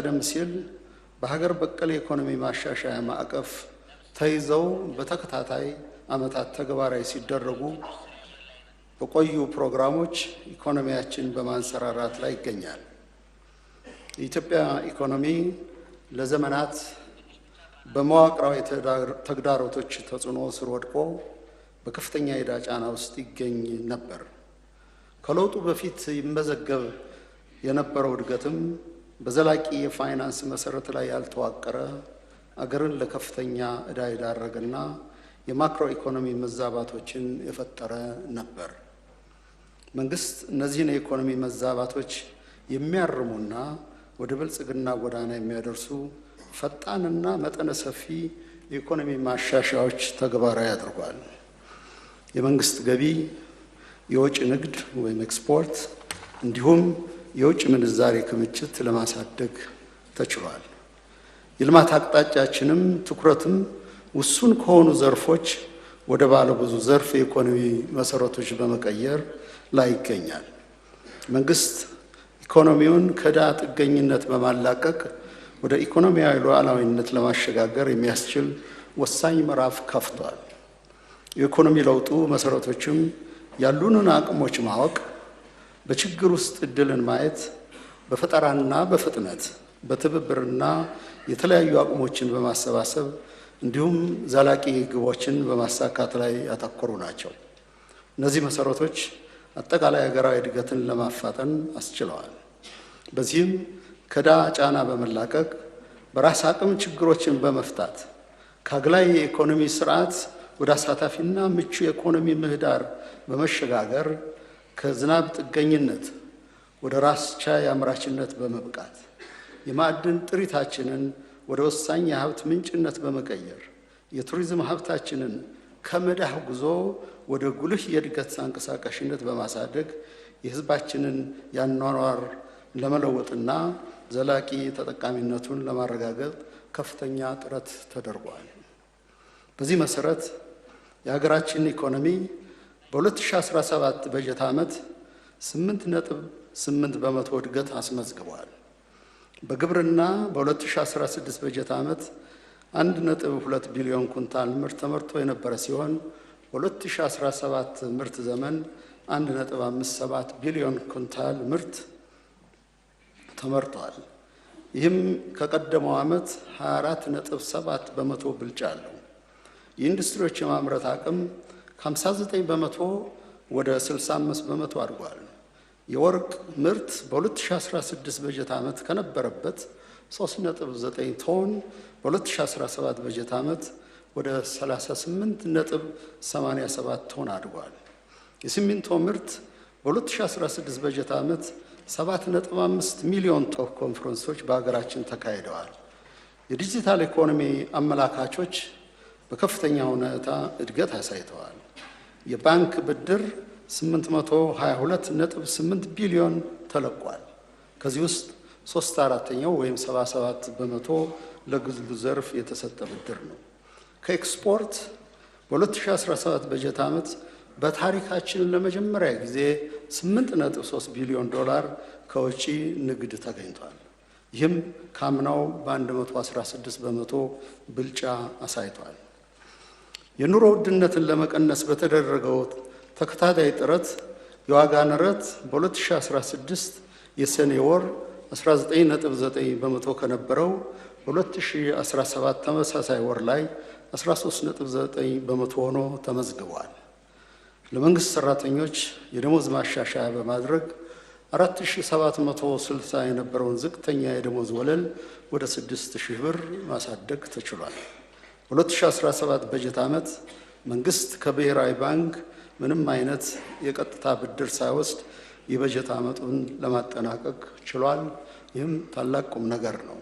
ቀደም ሲል በሀገር በቀል የኢኮኖሚ ማሻሻያ ማዕቀፍ ተይዘው በተከታታይ ዓመታት ተግባራዊ ሲደረጉ በቆዩ ፕሮግራሞች ኢኮኖሚያችን በማንሰራራት ላይ ይገኛል። የኢትዮጵያ ኢኮኖሚ ለዘመናት በመዋቅራዊ ተግዳሮቶች ተጽዕኖ ስር ወድቆ በከፍተኛ የዕዳ ጫና ውስጥ ይገኝ ነበር። ከለውጡ በፊት ይመዘገብ የነበረው እድገትም በዘላቂ የፋይናንስ መሰረት ላይ ያልተዋቀረ አገርን ለከፍተኛ እዳ የዳረገና የማክሮ ኢኮኖሚ መዛባቶችን የፈጠረ ነበር። መንግስት እነዚህን የኢኮኖሚ መዛባቶች የሚያርሙና ወደ ብልጽግና ጎዳና የሚያደርሱ ፈጣንና መጠነ ሰፊ የኢኮኖሚ ማሻሻያዎች ተግባራዊ አድርጓል። የመንግስት ገቢ፣ የወጪ ንግድ ወይም ኤክስፖርት እንዲሁም የውጭ ምንዛሬ ክምችት ለማሳደግ ተችሏል። የልማት አቅጣጫችንም ትኩረትም ውሱን ከሆኑ ዘርፎች ወደ ባለ ብዙ ዘርፍ የኢኮኖሚ መሰረቶች በመቀየር ላይ ይገኛል። መንግስት ኢኮኖሚውን ከዕዳ ጥገኝነት በማላቀቅ ወደ ኢኮኖሚያዊ ሉዓላዊነት ለማሸጋገር የሚያስችል ወሳኝ ምዕራፍ ከፍቷል። የኢኮኖሚ ለውጡ መሰረቶችም ያሉንን አቅሞች ማወቅ በችግር ውስጥ እድልን ማየት፣ በፈጠራና በፍጥነት በትብብርና የተለያዩ አቅሞችን በማሰባሰብ እንዲሁም ዘላቂ ግቦችን በማሳካት ላይ ያተኮሩ ናቸው። እነዚህ መሰረቶች አጠቃላይ ሀገራዊ እድገትን ለማፋጠን አስችለዋል። በዚህም ከዕዳ ጫና በመላቀቅ በራስ አቅም ችግሮችን በመፍታት ከአግላይ የኢኮኖሚ ስርዓት ወደ አሳታፊና ምቹ የኢኮኖሚ ምህዳር በመሸጋገር ከዝናብ ጥገኝነት ወደ ራስ ቻይ አምራችነት በመብቃት የማዕድን ጥሪታችንን ወደ ወሳኝ የሀብት ምንጭነት በመቀየር የቱሪዝም ሀብታችንን ከመዳህ ጉዞ ወደ ጉልህ የእድገት አንቀሳቃሽነት በማሳደግ የሕዝባችንን ያኗኗር ለመለወጥና ዘላቂ ተጠቃሚነቱን ለማረጋገጥ ከፍተኛ ጥረት ተደርጓል። በዚህ መሰረት የሀገራችን ኢኮኖሚ በ2017 በጀት ዓመት 8 ነጥብ 8.8 በመቶ እድገት አስመዝግቧል። በግብርና በ2016 በጀት ዓመት ነጥብ 2 ቢሊዮን ኩንታል ምርት ተመርቶ የነበረ ሲሆን በ2017 ምርት ዘመን 1 57 ቢሊዮን ኩንታል ምርት ተመርቷል። ይህም ከቀደመው ዓመት 24 ነጥብ 7 በመቶ ብልጫ አለው። የኢንዱስትሪዎች የማምረት አቅም ከ59 በመቶ ወደ 65 በመቶ አድጓል። የወርቅ ምርት በ2016 በጀት ዓመት ከነበረበት 3.9 ቶን በ2017 በጀት ዓመት ወደ 38.87 ቶን አድጓል። የሲሚንቶ ምርት በ2016 በጀት ዓመት 7.5 ሚሊዮን ቶን ኮንፈረንሶች በሀገራችን ተካሂደዋል። የዲጂታል ኢኮኖሚ አመላካቾች በከፍተኛ ሁኔታ እድገት አሳይተዋል። የባንክ ብድር 822.8 ቢሊዮን ተለቋል። ከዚህ ውስጥ ሶስት አራተኛው ወይም 77 በመቶ ለግሉ ዘርፍ የተሰጠ ብድር ነው። ከኤክስፖርት በ2017 በጀት ዓመት በታሪካችን ለመጀመሪያ ጊዜ 8.3 ቢሊዮን ዶላር ከውጪ ንግድ ተገኝቷል። ይህም ካምናው በ116 በመቶ ብልጫ አሳይቷል። የኑሮ ውድነትን ለመቀነስ በተደረገው ተከታታይ ጥረት የዋጋ ንረት በ2016 የሰኔ ወር 19.9 በመቶ ከነበረው በ2017 ተመሳሳይ ወር ላይ 13.9 በመቶ ሆኖ ተመዝግቧል። ለመንግስት ሰራተኞች የደሞዝ ማሻሻያ በማድረግ 4760 የነበረውን ዝቅተኛ የደሞዝ ወለል ወደ 6000 ብር ማሳደግ ተችሏል። 2017 በጀት ዓመት መንግስት ከብሔራዊ ባንክ ምንም አይነት የቀጥታ ብድር ሳይወስድ የበጀት ዓመቱን ለማጠናቀቅ ችሏል። ይህም ታላቅ ቁም ነገር ነው።